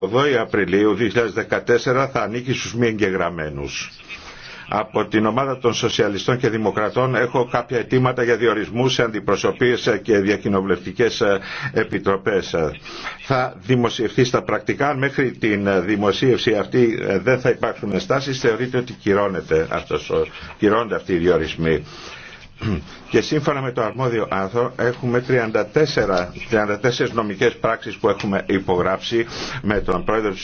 2 Απριλίου 2014 θα ανήκει στους μη εγγεγραμμένους. Από την ομάδα των Σοσιαλιστών και Δημοκρατών έχω κάποια αιτήματα για διορισμού σε αντιπροσωπείες και διακοινοβουλευτικές ε, επιτροπές. Θα δημοσιευθεί στα πρακτικά. μέχρι την δημοσίευση αυτή ε, δεν θα υπάρχουν στάσεις, θεωρείται ότι κυρώνεται αυτός, κυρώνται αυτοί οι διορισμοί. και σύμφωνα με το αρμόδιο άρθρο έχουμε 34, 34 νομικές πράξεις που έχουμε υπογράψει με τον πρόεδρο